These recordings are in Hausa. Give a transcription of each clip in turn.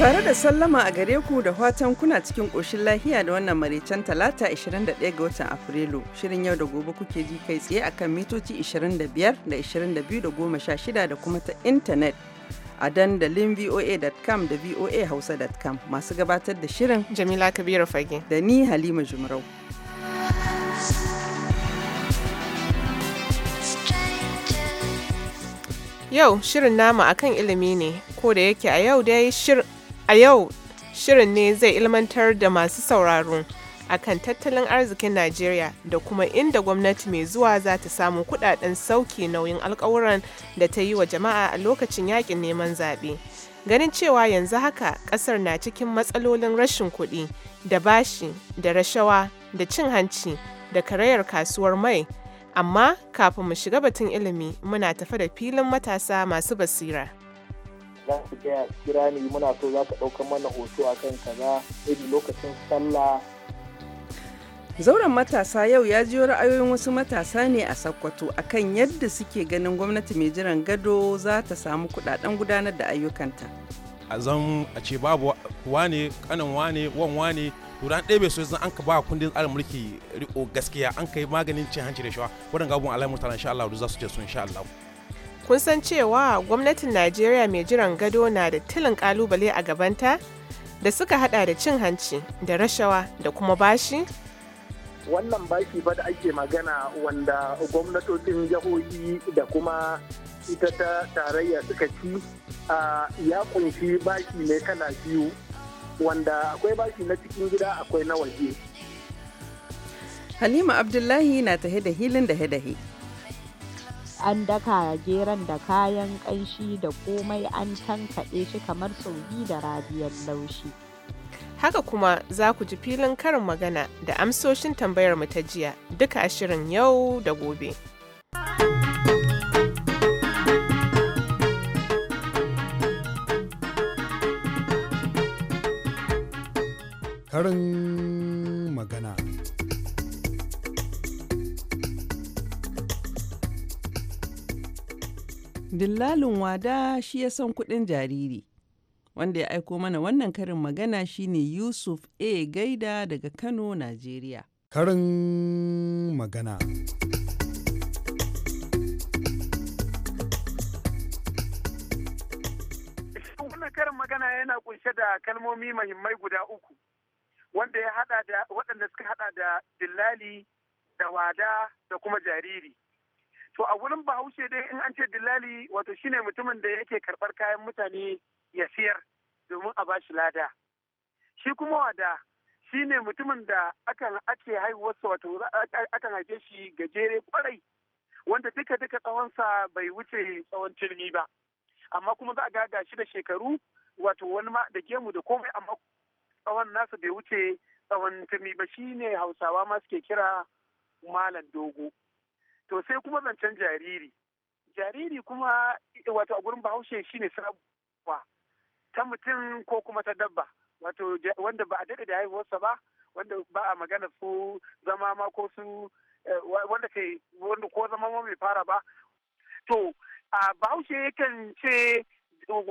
Tare da sallama a gare ku da fatan kuna cikin ƙoshin lahiya da wannan maraicen talata 21 ga watan Afrilu. Shirin yau da gobe kuke ji kai tsaye akan mitoci 25 da 22 da 16 da kuma ta intanet a dandalin voa.com da voahausa.com masu gabatar da shirin Jamila Kabiru Fage da ni Halima Jumrau. Yau shirin nama akan ilimi ne, ko da yake a yau dai shirin A yau, shirin ne zai ilmantar da masu sauraro akan tattalin arzikin Najeriya da kuma inda gwamnati mai zuwa za ta samu kudaden sauki nauyin alkawuran da ta yi wa jama'a a lokacin yakin neman zaɓe. Ganin cewa yanzu haka ƙasar na cikin matsalolin rashin kuɗi da bashi da rashawa da cin hanci da karayar kasuwar mai amma kafin mu shiga batun ilimi muna tafa da filin matasa masu basira. za su kira ni muna so za ka ɗaukar mana hoto a kan kaza iri lokacin sallah zauren matasa yau ya jiyo ra'ayoyin wasu matasa ne a sakkwato akan yadda suke ganin gwamnati mai jiran gado za ta samu kudaden gudanar da ayyukanta a zan a ce babu wane kanin wane wan wane turan bai so zan an ka ba kundin tsarin mulki riko gaskiya an ka yi maganin cin hanci da shawa waɗanda abubuwan alamun tara insha Allah za su je su insha Allah kun san cewa gwamnatin najeriya mai jiran gado na da tilin kalubale a gabanta da suka hada da cin hanci da rashawa da kuma bashi wannan bashi fa da ake magana wanda gwamnatocin jihohi da kuma ita ta tarayya suka ci ya kunshi bashi ne kala biyu wanda akwai bashi na cikin gida akwai na waje halima abdullahi na tahe da hilin da dahe An daka geran da kayan kanshi da komai an tankaɗe shi kamar biyu da rabiyar laushi. Haka kuma za ku ji filin karin magana da amsoshin tambayarmu ta jiya duka a shirin yau da gobe. Karin magana. Dillalin wada shi ya san kuɗin jariri. Wanda ya aiko mana wannan karin magana shine Yusuf A. Gaida daga Kano, Najeriya. Karin magana. Wannan karin magana yana kunshe da kalmomi mahimmai guda uku, wanda ya hada da waɗanda suka haɗa da dillali da wada da kuma jariri. to a wurin bahaushe dai in an ce dillali wato shine mutumin da yake karɓar kayan mutane ya siyar domin a bashi lada shi kuma wada shine mutumin da akan ake haihuwarsa wato akan haife shi gajere kwarai wanda duka duka tsawonsa bai wuce tsawon turmi ba amma kuma za a gaga shi da shekaru wato wani ma da gemu da komai amma tsawon nasa bai wuce tsawon turmi ba shine hausawa ma suke kira malam dogo to sai kuma zancen jariri jariri kuma wato a gurin bahaushe shine sabuwa ta mutum ko kuma ta dabba wato wanda ba a daɗa da haihuwarsa ba wanda ba a magana su zama ma ko su eh, wanda ke wanda ko zama ma mai fara ba to a bahaushe yakan ce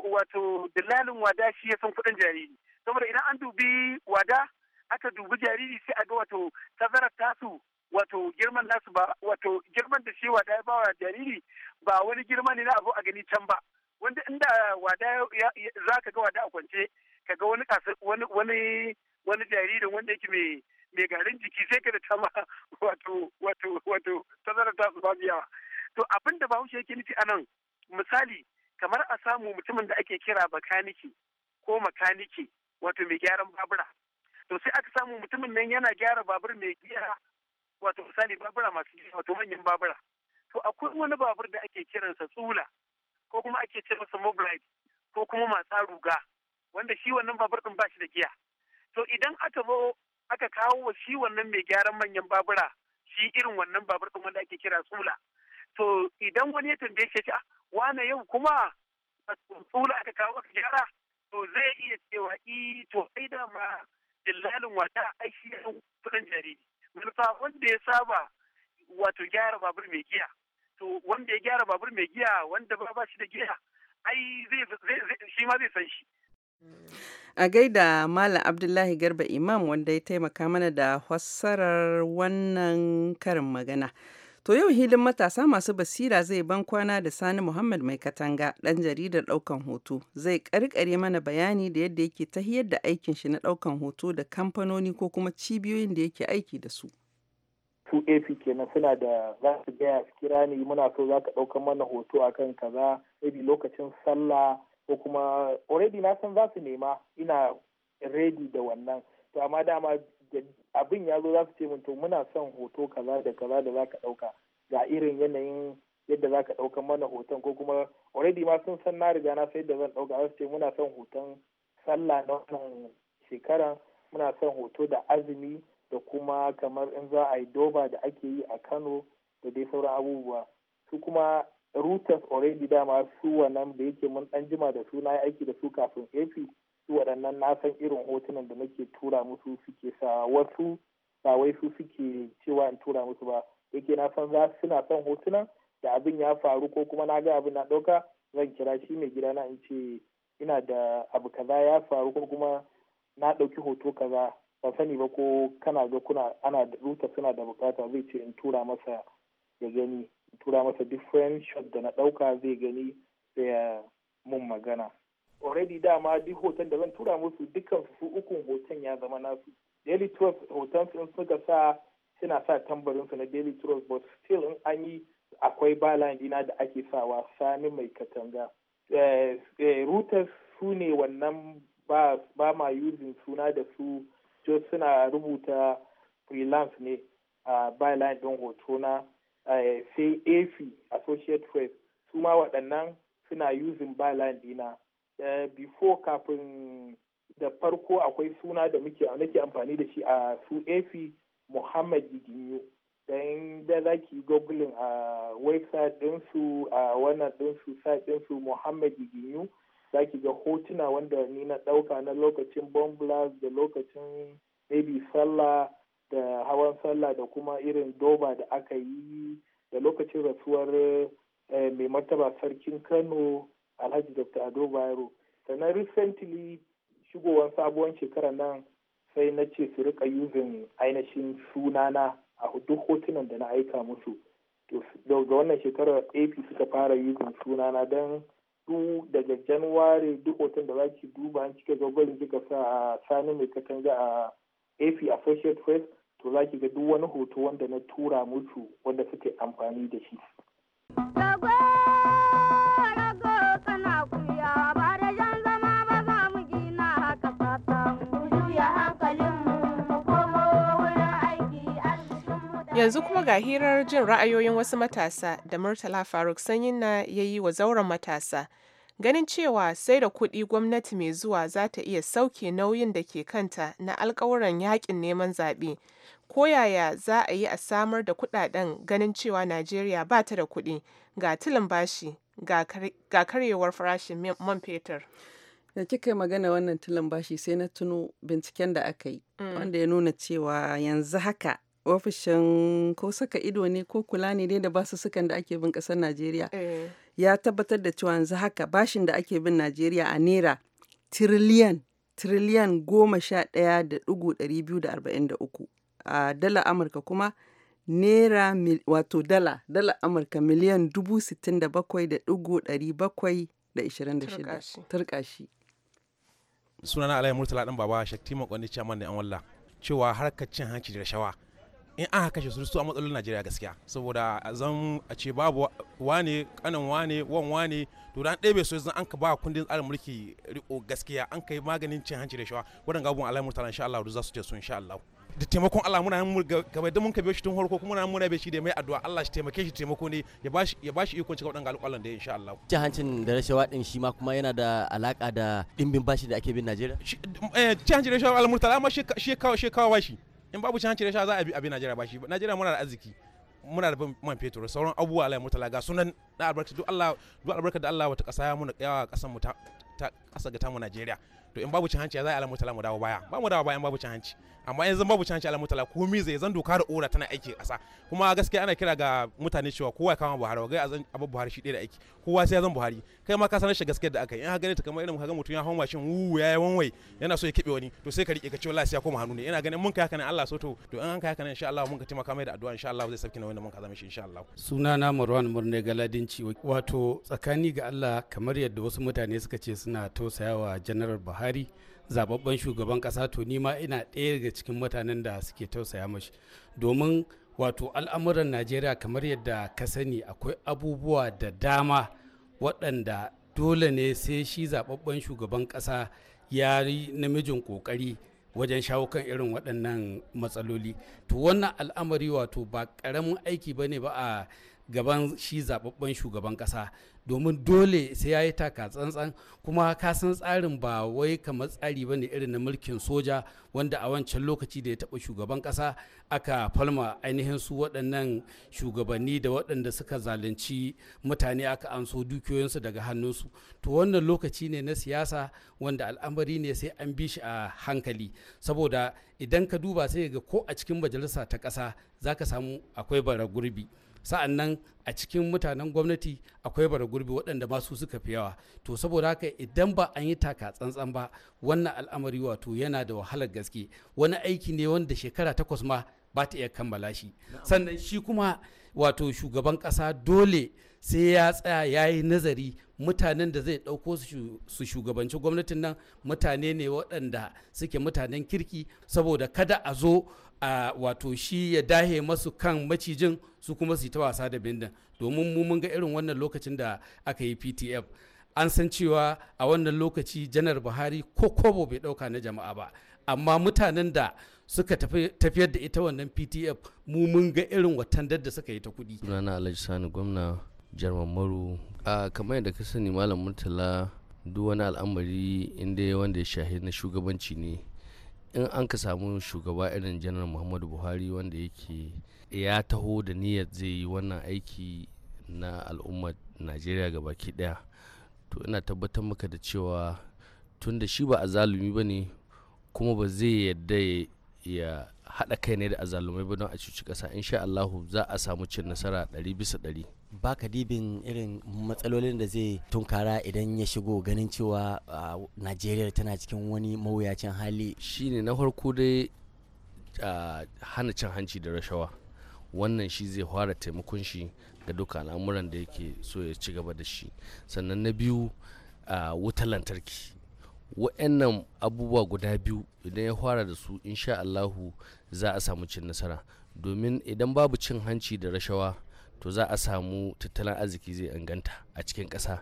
wato dalalin wada shi ya san kuɗin jariri saboda idan an dubi wada aka dubi jariri sai a ga wato tazarar tasu wato girman nasu ba wato girman da shi wada ya bawa jariri ba wani girma ne na abu a gani can ba wanda inda wada za ka ga wada a kwance ka ga wani wani wani wanda yake mai mai garin jiki sai ka da ta wato wato wato tazara ta su babiya to abin da bahaushe yake nufi a nan misali kamar a samu mutumin da ake kira bakaniki ko makaniki wato mai gyaran babura to sai aka samu mutumin nan yana gyara babur mai gyara. wato misali babura masu wato manyan babura to akwai wani babur da ake kiransa tsula ko kuma ake ce masa mobride ko kuma matsa ruga wanda shi wannan babur din ba da giya to idan aka zo aka kawo shi wannan mai gyaran manyan babura shi irin wannan babur din wanda ake kira tsula to idan wani ya tambaye shi a ah, wane yau kuma tsula aka kawo aka gyara to zai iya cewa i eh, to ai da ma dillalin wata ai shi kudin jariri manufa wanda ya saba wato gyara babur mai giya to wanda ya gyara babur mai giya wanda ba ba shi da giya ai shi ma zai san shi a gaida malam abdullahi garba imam wanda ya taimaka mana da fassarar wannan karin magana To yau hilin matasa masu basira zai ban kwana da Sani Muhammad mai katanga ɗan jaridar ɗaukan hoto zai karkare mana bayani da yadda yake tahiyar da aikin shi na ɗaukan hoto da kamfanoni ko kuma cibiyoyin da yake aiki da su. su AP kenan suna da za su gaya su kira ni muna so za ka ɗaukar mana hoto akan kaza maybe lokacin sallah ko kuma already na san za su nema ina ready da wannan to amma dama abin ya zo za su ce mun to muna son hoto kaza da kaza da za ka ɗauka ga irin yanayin yadda za ka ɗauka mana hoton ko kuma already ma sun san na riga na sai da zan ɗauka za su ce muna son hoton sallah na wannan shekara muna son hoto da azumi da kuma kamar in za a yi doba da ake yi a kano da dai sauran abubuwa su kuma routers already dama su wannan da yake mun ɗan jima da su na aiki da su kafin efi su waɗannan na san irin hotunan da nake tura musu suke sa wasu ba wai su suke cewa in tura musu ba yake na san za suna son hotunan da abin ya faru ko kuma na ga abin na ɗauka zan kira shi mai gida na in ce ina da abu kaza ya faru ko kuma na ɗauki hoto kaza ba sani ba ko kana ga kuna ana da ruta suna da bukata zai ce in tura masa ya gani in tura masa different shot da na ɗauka zai gani sai ya mun magana already dama duk hoton da zan tura musu dukkan su ukun hoton ya zama nasu daily trust hoton sun suka sa suna sa tambarin su na daily trust but still in an yi akwai balan dina da ake sawa sani mai katanga eh, eh, routers su ne wannan ba ma using suna da su just suna rubuta freelance ne a byline don hoto na eh, sai af associate press su ma waɗannan suna using byline dina Eh, before kafin da farko akwai suna da muke nake amfani da shi a su efi muhammad jiginyo don da za ki googling a website ɗinsu a wannan ɗinsu site ɗinsu muhammad jiginyo za ki ga hotuna wanda ni na ɗauka na lokacin bomblas da lokacin maybe sallah da hawan sallah da kuma irin doba da aka yi da lokacin rasuwar eh, mai martaba sarkin kano alhaji dr ado bayero sannan recently shigowar sabuwar shekara nan sai na ce su rika yuzin ainihin sunana a duk hotunan da na aika musu daga wannan shekarar ap suka fara yuzin sunana don du daga januwari duk hoton da za ki duba an cike gwagwarin kika sa a sani mai katanga a ap associate press to za ki ga duk wani hoto wanda na tura musu wanda suke amfani da shi Yanzu kuma ga hirar jin ra'ayoyin wasu matasa da Murtala Faruk Sanyin na ya yi wa zauren matasa. Ganin cewa sai da kuɗi gwamnati mai zuwa za ta iya sauke nauyin da ke kanta na alkawuran yakin neman zaɓe. Ko yaya za a yi a samar da kuɗaɗen ganin cewa Najeriya ba ta da kuɗi ga tilin bashi ga karyewar farashin man fetur. da kika magana wannan tilin bashi sai na tuno binciken da aka yi mm. wanda ya nuna cewa yanzu haka ofishin ko saka ido ne ko kula ne dai da basu sukan da ake bin kasar Najeriya. Eh. Ya tabbatar da cewa yanzu haka bashin da ake bin Najeriya a naira tiriliyan tiriliyan goma sha ɗaya da ɗigo ɗari biyu da arba'in da uku a dala Amurka kuma naira wato dala dala Amurka miliyan dubu sittin da bakwai da ɗigo ɗari bakwai da ishirin da shida turkashi. Sunana Alayi Murtala ɗan baba Shakti Makwani Chaman da 'yan walla cewa harkar cin hanci da rashawa in an kashe su su a matsalolin najeriya gaskiya saboda zan a ce babu wane kanan wane wan wane to da an ɗebe su zan an ka ba kundin tsarin mulki riko gaskiya an kai maganin cin hanci da shawa wadanda gabon alamun tana insha Allah za su ce su insha Allah da taimakon Allah muna mu gaba da mun ka kabe shi tun farko kuma muna muna shi da mai addu'a Allah shi taimake shi taimako ne ya bashi ya bashi ikon cika wadannan alƙalan da insha Allah cin hancin da rashawa din shi ma kuma yana da alaka da dimbin bashi da ake bin Najeriya eh, cin hancin da rashawa Allah murtala ma shi shi kawo shi kawo bashi in babu cin cire sha za a bi abi Najeriya ba shi Najeriya muna da arziki muna da man fetur sauran abubuwa Allah mutala ga sunan da albarka duk Allah duk albarka da Allah wata kasa ya muna kaiwa kasan mu ta kasa ga mu Najeriya to in babu cin hanci ya za a alamu tala mu dawo baya ba mu dawo baya in babu cin hanci amma yanzu babu cin hanci alamu tala komi zai zan doka da ora tana aiki ƙasa kuma gaskiya ana kira ga mutane cewa kowa kama Buhari ga zan abu Buhari shi ɗaya da aiki kowa sai ya zan Buhari kai ma ka sanar shi gaskiya da aka yi in haka ne ta kamar irin ka ga mutum ya hawo mashin wu ya yi wanwai yana so ya kibe wani to sai ka riƙe ka ce wallahi sai ya koma hannu ne ina ganin mun kai haka ne Allah so to to in an kai haka ne insha Allah mun ka taimaka mai da addu'a insha Allah zai sabki na wanda mun ka zama shi insha Allah sunana Marwan Murne Galadinci wato tsakani ga Allah kamar yadda wasu mutane suka ce suna tausayawa General Buhari buhari zababben shugaban kasa to nima ma ina ɗaya daga cikin mutanen da suke tausaya mashi domin wato al'amuran najeriya kamar yadda ka sani akwai abubuwa da dama waɗanda dole ne sai shi zababben shugaban kasa ya yi namijin ƙoƙari wajen shawo kan irin waɗannan matsaloli to wannan al'amari wato ba ƙaramin aiki ba ne ba a gaban shi zababben shugaban kasa domin dole sai ya yi taka tsantsan kuma kasan tsarin ba wai kamar tsari bane irin na mulkin soja wanda a wancan lokaci da ya taɓa shugaban kasa aka falma ainihin su waɗannan shugabanni da waɗanda suka zalunci mutane aka anso dukiyoyinsu daga hannunsu to wannan lokaci ne na siyasa wanda al'amari ne sai an bi shi a hankali saboda idan ka duba sai ga ko a cikin majalisa ta ƙasa za ka samu akwai bara gurbi sa'an nan a cikin mutanen gwamnati akwai bara gurbi waɗanda masu suka fi yawa to saboda haka idan ba an yi taka tsantsan ba wannan al'amari wato yana da wahalar gaske wani aiki ne wanda shekara takwas ma ba ta iya kammala shi sannan shi kuma wato shugaban ƙasa dole sai ya tsaya ya yi nazari mutanen da zai ɗauko su shugabanci gwamnatin nan mutane ne waɗanda suke mutanen kirki saboda kada a zo a wato shi ya dahe masu kan macijin su kuma su yi ta wasa da bindin domin mu mun ga irin wannan lokacin da aka yi ptf an san cewa a wannan lokaci janar buhari ko kobo bai dauka na jama'a ba amma mutanen da suka tafiyar da ita wannan ptf mu mun ga irin watan da suka yi ta kudi sunana alhaji sani gwamna jarman maru a kamar yadda ka sani malam murtala duk wani al'amari inda wanda ya shahi na shugabanci ne in an ka samu shugaba irin janar muhammadu buhari wanda yake ya taho da niyyar zai yi wannan aiki na al'ummar najeriya ga baki daya to ina tabbatar maka da cewa tun da shi ba azalumi ba ne kuma ba zai yadda ya haɗa kai ne da azalumai ba don a cuci ƙasa insha allahu za a samu cin nasara ɗari bisa ɗari baka dibin irin matsalolin da zai tunkara idan ya shigo ganin cewa najeriya tana cikin wani mawuyacin hali shine na farko dai hana cin hanci da rashawa wannan shi zai fara taimakon shi ga duka al'amuran da yake so ya ci gaba da shi sannan na biyu wutar lantarki wa'annan abubuwa guda biyu idan ya fara da su insha allahu za a samu cin nasara domin idan babu cin hanci da rashawa to za a samu tattalin arziki zai inganta a cikin ƙasa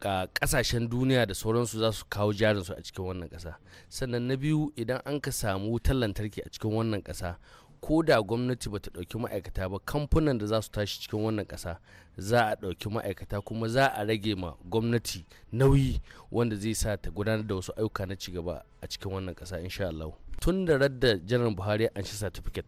a kasashen duniya da sauransu za su kawo jarinsu a cikin wannan ƙasa sannan na biyu idan an ka samu wutar lantarki a cikin wannan ƙasa ko da gwamnati ba ta ɗauki ma'aikata ba kamfanin da za su tashi cikin wannan ƙasa za a ɗauki ma'aikata kuma za a rage ma gwamnati nauyi wanda zai sa ta gudanar da wasu ayyuka na cigaba a cikin wannan ƙasa insha Allah tun da radda janar Buhari an shi certificate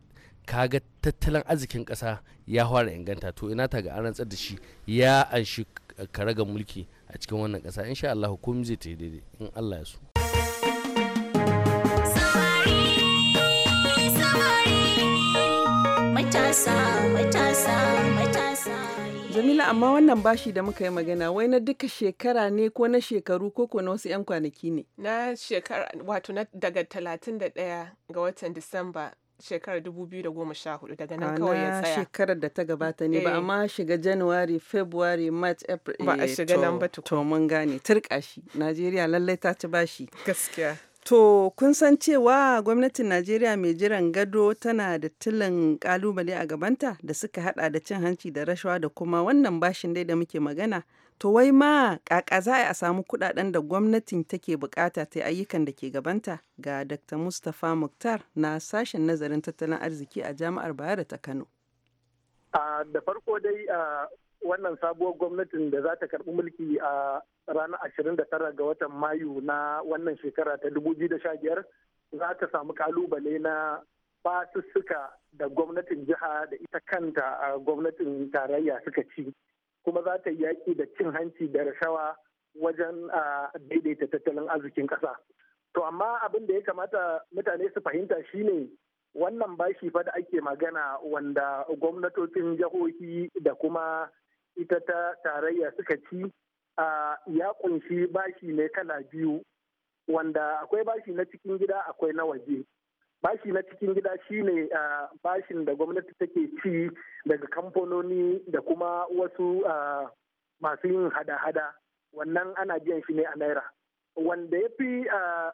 kaga tattalin arzikin kasa ya fara inganta to ina ta ga an rantsar da shi ya anshi karaga mulki a cikin wannan kasa insha Allah hukumi zai ta daidai in Allah ya so Jamila amma wannan bashi da muka yi magana wai na duka shekara ne ko na shekaru ko ko na wasu 'yan kwanaki ne? Na shekara wato na daga 31 ga watan Disamba shekarar 2014 daga nan kawai ya tsaya. shekarar da ta gabata ne ba eh. amma shiga January, February, March, April. Ba a eh, shiga nan ba To mun gane turka shi. Najeriya lallai ta ci bashi. Gaskiya. To kun san cewa gwamnatin Najeriya mai jiran gado tana da tilin kalubale a gabanta da suka hada da cin hanci da rashawa da kuma wannan bashin dai da muke magana. To wai ma kaka za a samu kudaden da gwamnatin take bukata ta ayyukan da ke gabanta ga Dr. Mustapha Muktar na sashen nazarin tattalin arziki a Jami'ar bayar ta Kano. Da farko dai wannan sabuwar gwamnatin da za ta karbi mulki a ranar 29 ga watan Mayu na wannan shekara ta 2015 za ta samu kalubale na basussuka da gwamnatin jiha da ita kanta a gwamnatin tarayya suka ci. kuma za ta yi yaƙi da cin hanci da rashawa wajen daidaita tattalin arzikin ƙasa. To amma abin da ya kamata mutane su fahimta shine wannan bashi fa da ake magana wanda gwamnatocin jihohi da kuma ita ta tarayya suka ci ya kunshi bashi ne kala biyu wanda akwai bashi na cikin gida akwai na waje. bashi na cikin gida shine bashin da gwamnati take ci daga kamfanoni da kuma wasu masu yin hada-hada wannan ana biyan shi ne a naira wanda ya fi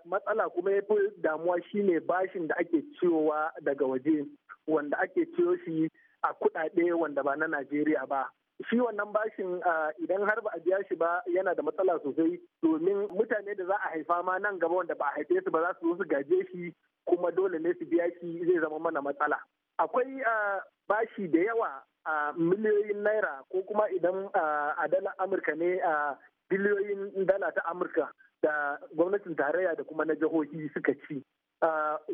matsala kuma ya fi damuwa shine bashin da ake ciyowa daga waje wanda ake ciyo shi a kudade wanda ba na najeriya ba shi wannan bashin idan har ba a biya shi ba yana da matsala sosai domin mutane da za a haifa ma nan gaba wanda ba a haife su ba za su zo su gaje shi kuma dole ne su biya ki zai zama mana matsala akwai ah, bashi da yawa a miliyoyin naira ko kuma idan ah, a dala amurka ne a ah, biliyoyin dala ta amurka da gwamnatin tarayya da kuma na jihohi suka ci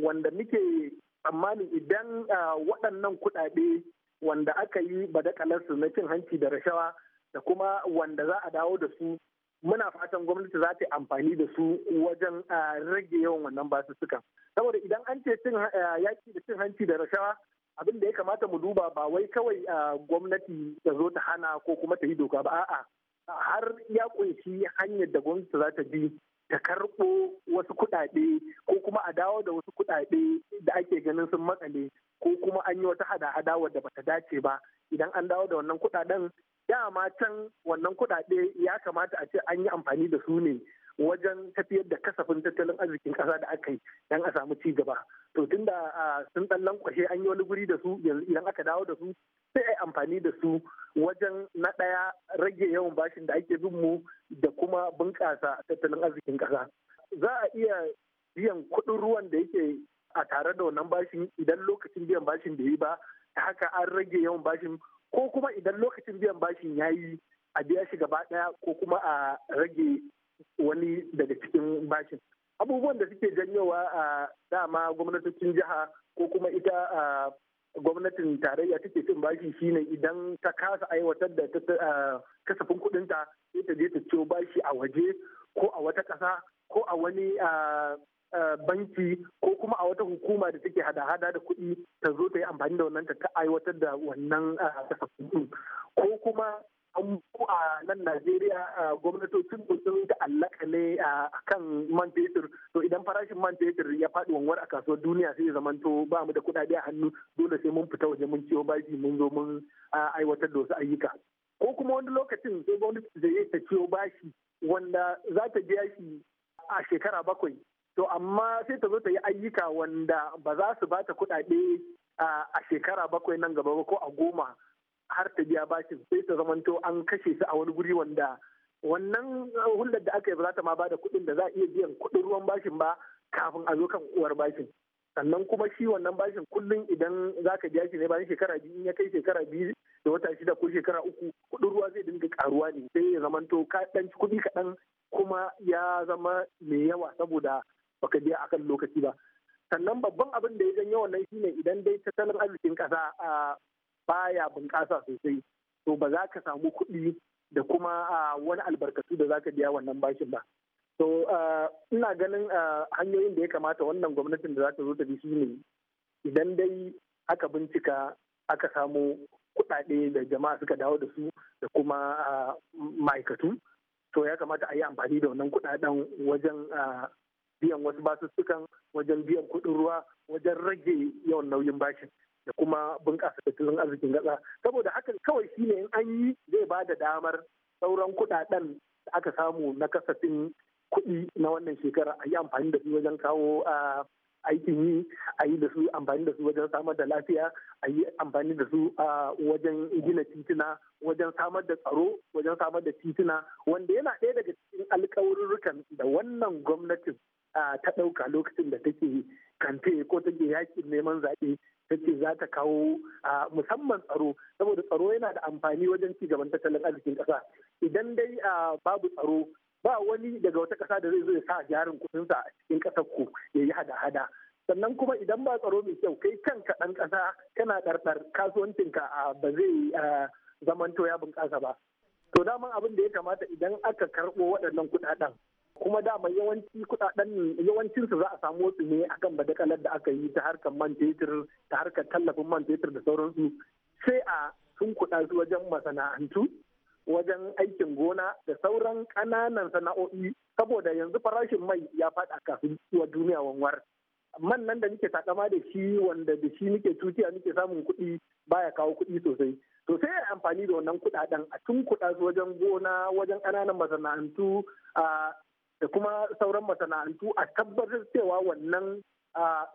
wanda muke tsammanin idan waɗannan kuɗaɗe wanda aka yi badakalarsu na cin hanci da rashawa da kuma wanda za a dawo da su muna fatan gwamnati za ta yi amfani da su wajen rage yawan wannan basussuka saboda idan an ce yaki da cin hanci da rashawa abin da ya kamata mu duba ba wai kawai gwamnati ta zo ta hana ko kuma ta yi doka ba a'a har ya kunshi hanyar da gwamnati za ta bi ta karɓo wasu kuɗaɗe ko kuma a dawo da wasu kuɗaɗe da ake ganin sun matsale ko kuma an yi wata hada-hada da bata dace ba idan an dawo da wannan kuɗaɗen dama can wannan kuɗaɗe ya kamata a ce an yi amfani da su ne wajen tafiyar da kasafin tattalin arzikin ƙasa da aka yi don a samu ci gaba to tunda sun ɗan lankwashe an yi wani guri da su idan aka dawo da su sai a yi amfani da su wajen na ɗaya rage yawan bashin da ake bin mu da kuma bunƙasa tattalin arzikin ƙasa za a iya biyan kuɗin ruwan da yake a tare da wannan bashin idan lokacin biyan bashin da yi ba ta haka an rage yawan bashin ko kuma idan lokacin biyan bashin ya yi a biya shi gaba ɗaya ko kuma a rage wani daga cikin bashin abubuwan da suke janyowa a dama gwamnatocin jiha ko kuma ita a gwamnatin tarayya take cin bashi shine idan ta kasa aiwatar da kasafin kudinta sai ta je ta ciyo bashi a waje ko a wata ƙasa ko a wani Eh, banki ko kuma a wata hukuma da take hada-hada da kuɗi ta zo ta yi amfani da wannan ta aiwatar da wannan eh, kasafin ko kuma an a nan Najeriya eh, gwamnatocin sun allaka ne a kan man fetur to idan farashin man fetur ya faɗi wanwar a kasuwar duniya sai zaman to ba mu da kuɗaɗe a hannu dole sai mun fita waje mun ciwo bashi mun zo mun aiwatar da wasu ayyuka ko kuma wani lokacin sai gwamnati da ta ciwo bashi wanda za ta biya shi a shekara bakwai to amma sai ta zo ta yi ayyuka wanda ba za su bata kuɗaɗe a shekara bakwai nan gaba ba ko a goma har ta biya bashin sai ta zamanto an kashe su a wani guri wanda wannan hulɗar da aka yi ba za ta ma bada kuɗin da za a iya biyan kuɗin ruwan bashin ba kafin a zo kan uwar bashin sannan kuma shi wannan bashin kullum idan za ka biya shi ne bayan shekara biyu in ya kai shekara biyu da wata shida ko shekara uku kuɗin ruwa zai dinga karuwa ne sai ya zamanto ka kuɗi kaɗan kuma ya zama mai yawa saboda baka biya akan lokaci ba sannan babban abin da ya janyo wannan ne idan dai tattalin arzikin ƙasa baya bunƙasa sosai to ba za ka samu kuɗi da kuma wani albarkatu da za ka biya wannan bashin ba to ina ganin hanyoyin da ya kamata wannan gwamnatin da za ta zo ta bi ne idan dai aka bincika aka samu kuɗaɗe da jama'a suka dawo da su da kuma ma'aikatu to ya kamata a yi amfani da wannan kuɗaɗen wajen biyan wasu basussukan wajen biyan kuɗin ruwa wajen rage yawan nauyin bashi da kuma bunƙasa tattalin arzikin gaza saboda hakan kawai shine in an yi zai ba da damar sauran kuɗaɗen da aka samu na kasafin kuɗi na wannan shekara a yi amfani da su wajen kawo a aikin yi a yi da su amfani da su wajen samar da lafiya a yi amfani da su a wajen gina titina wajen samar da tsaro wajen samar da titina wanda yana ɗaya daga cikin alkawarurrukan da wannan gwamnatin ta ɗauka lokacin da take kamfe ko take yakin neman zaɓe ta ce za ta kawo musamman tsaro saboda tsaro yana da amfani wajen ci gaban tattalin arzikin ƙasa idan dai babu tsaro ba wani daga wata ƙasa da zai zo ya sa jarin kuɗinsa a cikin ƙasar ku ya yi hada-hada sannan kuma idan ba tsaro mai kyau kai kanka ɗan ƙasa kana ɗarɗar kasuwancinka ba zai zamanto ya bunƙasa ba to daman abin da ya kamata idan aka karɓo waɗannan kuɗaɗen kuma dama yawanci kudaden yawancin su za a samu wasu ne akan badakalar da aka yi ta harkar man fetur ta harkar tallafin man fetur da sauransu sai a sun kuɗa su wajen masana'antu wajen aikin gona da sauran ƙananan sana'o'i saboda yanzu farashin mai ya faɗa kasuwar duniya wanwar man nan da nake takama da shi wanda da shi nake tutiya nake samun kuɗi baya kawo kuɗi sosai to sai a amfani da wannan kuɗaɗen a tun kuɗa su wajen gona wajen ƙananan masana'antu a da kuma sauran masana'antu a tabbatar cewa wannan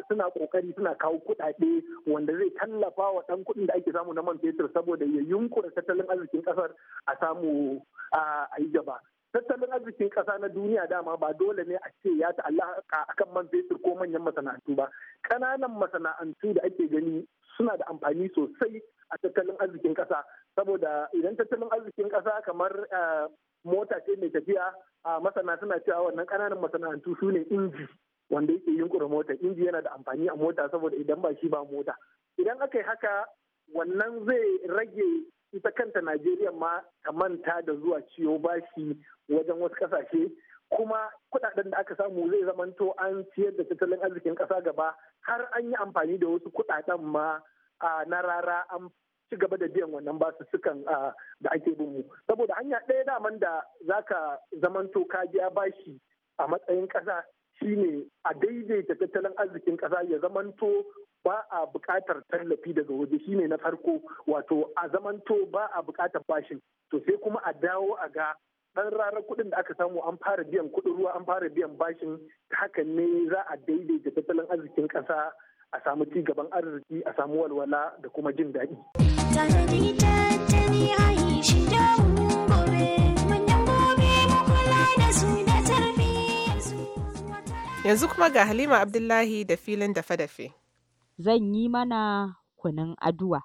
suna kokari suna kawo kuɗaɗe wanda zai tallafa wa ɗan kuɗin da ake samu na man fetur saboda ya yunkura tattalin arzikin ƙasar a samu a yi gaba tattalin arzikin ƙasa na duniya dama ba dole ne a ce ya ta'allaka kan man fetur ko manyan masana'antu ba ƙananan masana'antu da ake gani suna da amfani sosai a tattalin arzikin kasa saboda idan tattalin arzikin kasa kamar eh, mota ce mai tafiya a masana suna cewa wannan kananan masana'antu su ne inji wanda yake yunkura mota inji yana da amfani a mota saboda idan ba shi ba mota idan aka yi haka wannan zai rage ita kanta najeriya ma ta manta da zuwa ciyo bashi wajen wasu kasashe kuma kudaden da aka samu zai zamanto an ciyar da tattalin arzikin kasa gaba har an yi amfani da wasu kudaden ma na rara an ci gaba da biyan wannan basu sukan da ake bin mu saboda hanya ɗaya daman da zaka zamanto ka biya bashi a matsayin ƙasa shine a daidaita tattalin arzikin ƙasa ya zamanto ba a buƙatar tallafi daga waje shine na farko wato a zamanto ba a buƙatar bashin to sai kuma a dawo a ga ɗan rarar kuɗin da aka samu an fara biyan kuɗin ruwa an fara biyan bashin hakan ne za a daidaita tattalin arzikin ƙasa a samu ci gaban arziki a samu walwala da kuma jin daɗi. a yi shi Yanzu kuma ga Halima Abdullahi da filin dafe-dafe. Zan yi mana kunun aduwa.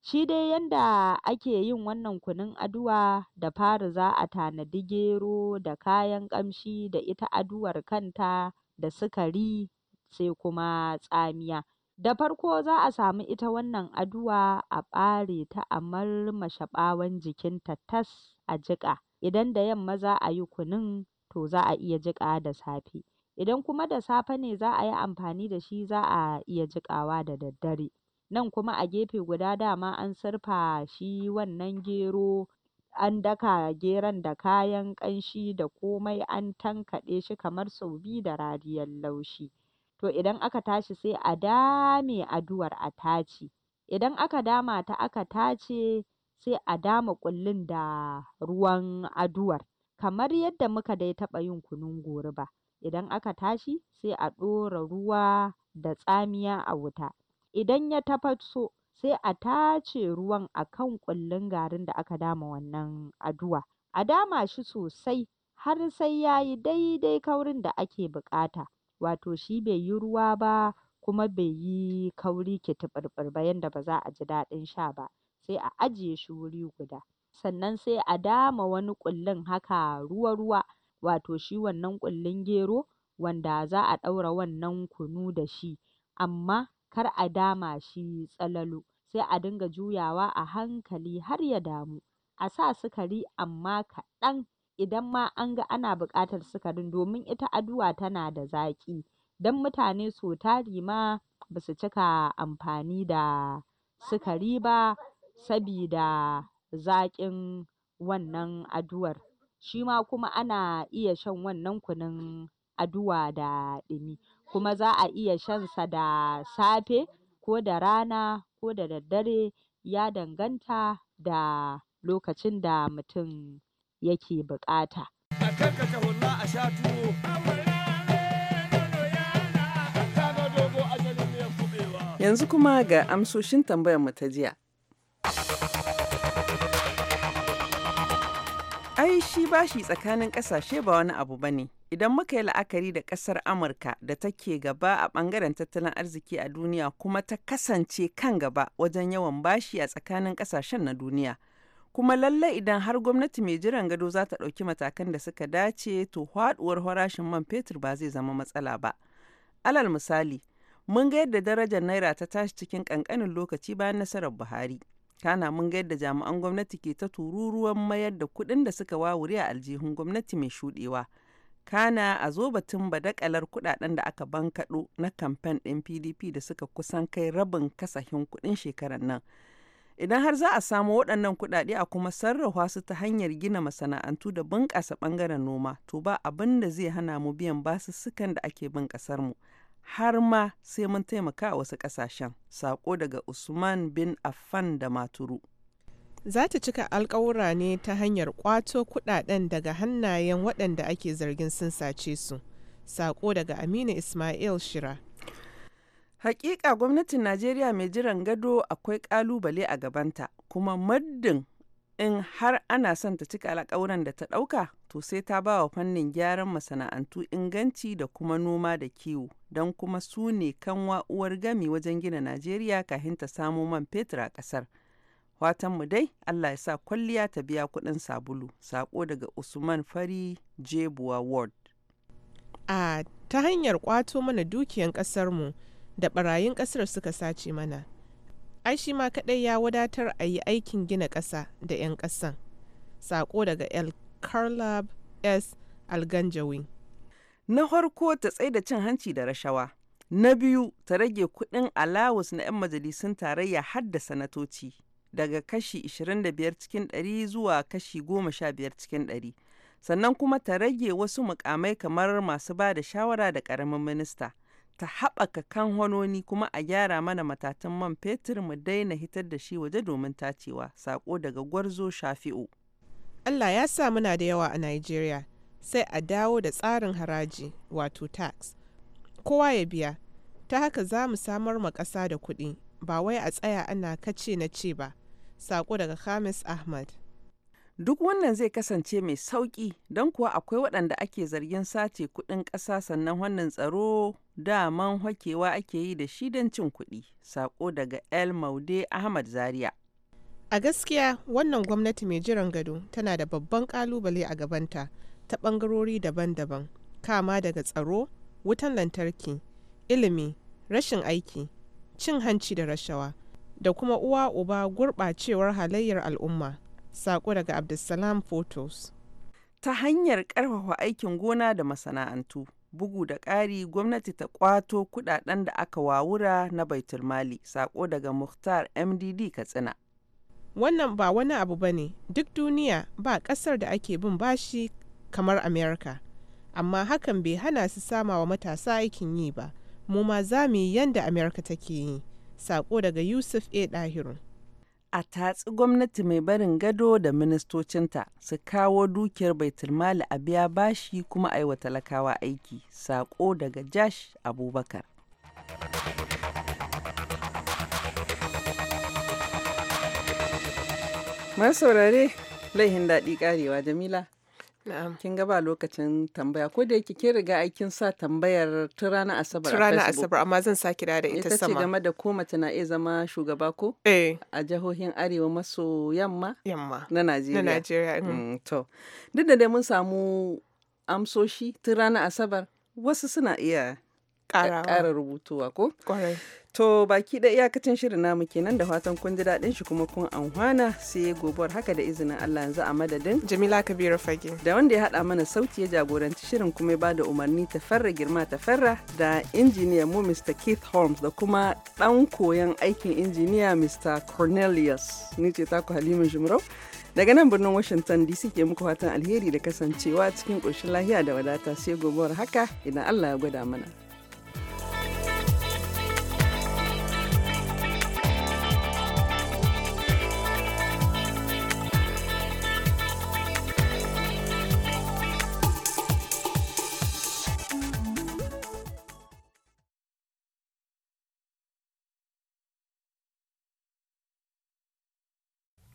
Shi dai yanda ake yin wannan kunun aduwa da fara za a tanadi gero da kayan ƙamshi da ita aduwar kanta da sukari sai kuma tsamiya. Da farko za a samu ita wannan aduwa a ɓare ta a marmashe ɓawon jikinta tas a jiƙa, idan da yamma za a yi kunun to za a iya jiƙa da safe, idan kuma da safe ne za a yi amfani da shi za a iya jiƙawa da daddare. Nan kuma a gefe guda dama an surfa shi wannan gero an daka geron da kayan ƙanshi da komai an tankaɗe shi kamar sau biyu da rariyar laushi. to idan aka tashi sai a dame aduwar a tace idan aka dama ta aka tace sai a dama ƙullun da ruwan aduwar kamar yadda muka dai taɓa yin kunun goriba idan aka tashi sai a ɗora ruwa da tsamiya a wuta idan ya tafaso sai a tace ruwan a kan ƙullun garin da aka dama wannan aduwa a dama shi sosai har sai yayi daidai kaurin da ake buƙata wato shi bai yi ruwa ba kuma bai yi kauri kitiɓirɓir ba yanda ba za a ji daɗin sha ba sai a ajiye shi wuri guda sannan sai a dama wani ƙullin haka ruwa-ruwa wato shi wannan ƙullun gero wanda za a ɗaura wannan kunu da shi amma kar a dama shi tsalalo sai a dinga juyawa a hankali har ya damu a sa sukari amma kaɗan idan ma an ga ana buƙatar sukarin domin ita aduwa tana da zaƙi don mutane sau tari ma ba su cika amfani da sukari ba sabida zaƙin wannan aduwar shi ma kuma ana iya shan wannan kunun aduwa da ɗumi kuma za a iya shan sa da safe ko da rana ko da daddare ya danganta da lokacin da mutum yake bukata. A Yanzu kuma ga amsoshin tambayar mu ta jiya. Ai shi bashi tsakanin ƙasashe ba wani abu ba ne. Idan muka yi la'akari da ƙasar Amurka da take gaba a ɓangaren tattalin arziki a duniya kuma ta kasance kan gaba wajen yawan bashi a tsakanin ƙasashen na duniya. kuma lalle idan har gwamnati mai jiran gado za ta ɗauki matakan da suka dace to haɗuwar farashin man fetur ba zai zama matsala ba alal misali mun ga yadda darajar naira ta tashi cikin ƙanƙanin lokaci bayan nasarar buhari kana mun ga yadda jami'an gwamnati ke ta tururuwan mayar da kuɗin da suka wawure a aljihun gwamnati mai shuɗewa kana a zo batun badakalar kuɗaɗen da aka bankaɗo na kamfen ɗin pdp da suka kusan kai rabin kasahin kuɗin shekarar nan Idan har za a samu waɗannan kuɗaɗe a kuma sarrafa su ta hanyar gina masana'antu da bunƙasa ɓangaren noma, to ba abin da zai hana mu biyan basussukan da ake bin mu Har ma sai mun taimaka a wasu ƙasashen. Sako daga Usman bin Affan da Maturu. Za ta cika alƙawura ne ta hanyar ƙwato kuɗaɗen daga hannayen waɗanda ake zargin sun sace su. Sako daga Aminu Ismail Shira. Hakika gwamnatin Najeriya mai jiran gado akwai kalubale a gabanta, kuma muddin in har ana son ta cika alƙawuran da ta ɗauka, to sai ta ba wa fannin gyaran masana'antu inganci da kuma noma da kiwo, don kuma su ne kanwa uwar gami wajen gina Najeriya kafin ta samo man fetur a ƙasar. Watanmu dai Allah ya sa kwalliya ta biya kuɗin sabulu, sako daga Usman Fari Jebuwa Ward. A ta hanyar kwato mana dukiyan ƙasarmu. mu. da barayin ƙasar suka sace mana ai shi ma kaɗai ya wadatar a yi aikin gina ƙasa da 'yan ƙasan sako daga el carlab s alganjawi na harko ta da cin hanci da rashawa na biyu ta rage kuɗin alawus na 'yan majalisun tarayya har da sanatoci daga kashi 25 cikin 100 zuwa kashi 15 cikin 100 sannan kuma ta rage wasu mukamai kamar masu ba da shawara da ƙaramin minista ta haɓaka kan hononi kuma a gyara mana matatan man fetur mu daina hitar da shi waje domin tacewa. Sako daga Gwarzo Shafi'u. Allah ya sa muna da yawa a Najeriya sai a dawo da tsarin haraji wato tax. Kowa ya biya, ta haka za mu samar ma ƙasa da kuɗi ba wai a tsaya ana kace na ce ba. Sako daga Khamis Ahmad. Duk wannan zai kasance mai sauƙi don kuwa akwai waɗanda ake zargin sace kuɗin ƙasa sannan wannan tsaro daman hakewa ake yi da shi don cin kuɗi. Sako daga El Maude Ahmad Zaria. A gaskiya wannan gwamnati mai jiran gado tana da babban ƙalubale a gabanta ta ɓangarori daban-daban kama daga tsaro, wutan lantarki, ilimi, rashin aiki, cin hanci da rashawa da kuma uwa uba gurɓacewar halayyar al'umma. Sako daga Abdulsalam Photos. Ta hanyar ƙarfafa aikin gona da masana'antu. Bugu da ƙari gwamnati ta kwato kudaden da aka wawura na mali Sako daga Muhtar MDD Katsina. Wannan ba wani abu ba ne, duk duniya ba ƙasar da ake bin bashi kamar Amerika. Amma hakan bai hana su sama wa matasa aikin yi ba, mu ma za mu yi yanda Amerika take yi. Sako daga Yusuf A. Dahirun. a tatsi gwamnati mai barin gado da ministocinta su kawo dukiyar baitulmali a biya bashi kuma a yi wa talakawa aiki sako daga jash abubakar masaurare laihin daɗi ƙarewa jamila Kin ga ba lokacin tambaya ko da yake riga aikin sa tambayar tun ranar Asabar a Ranar amma zan sa kira da ita sama. Ita ce game da ko mace na iya zama shugaba ko? Eh. A jihohin Arewa maso yamma? Na Najeriya. Na mm. Mm, to. Duk da dai mun samu amsoshi tun ranar Asabar wasu suna iya ƙara rubutuwa ko? To baki da iyakacin shirin namu kenan da fatan kun ji daɗin shi kuma kun anhwana sai gobuwar haka da izinin Allah yanzu a madadin. Jamila Kabiru Fage. Da wanda ya haɗa mana sauti ya jagoranci shirin kuma ya bada umarni ta farra girma ta farra da injiniya mu Mr. Keith Holmes da kuma ɗan koyan aikin injiniya Mr. Cornelius. Ni ce taku Halima Jumro. Daga nan birnin Washington DC ke muku fatan alheri da kasancewa cikin ƙoshin lahiya da wadata sai gobuwar haka idan Allah ya gwada mana.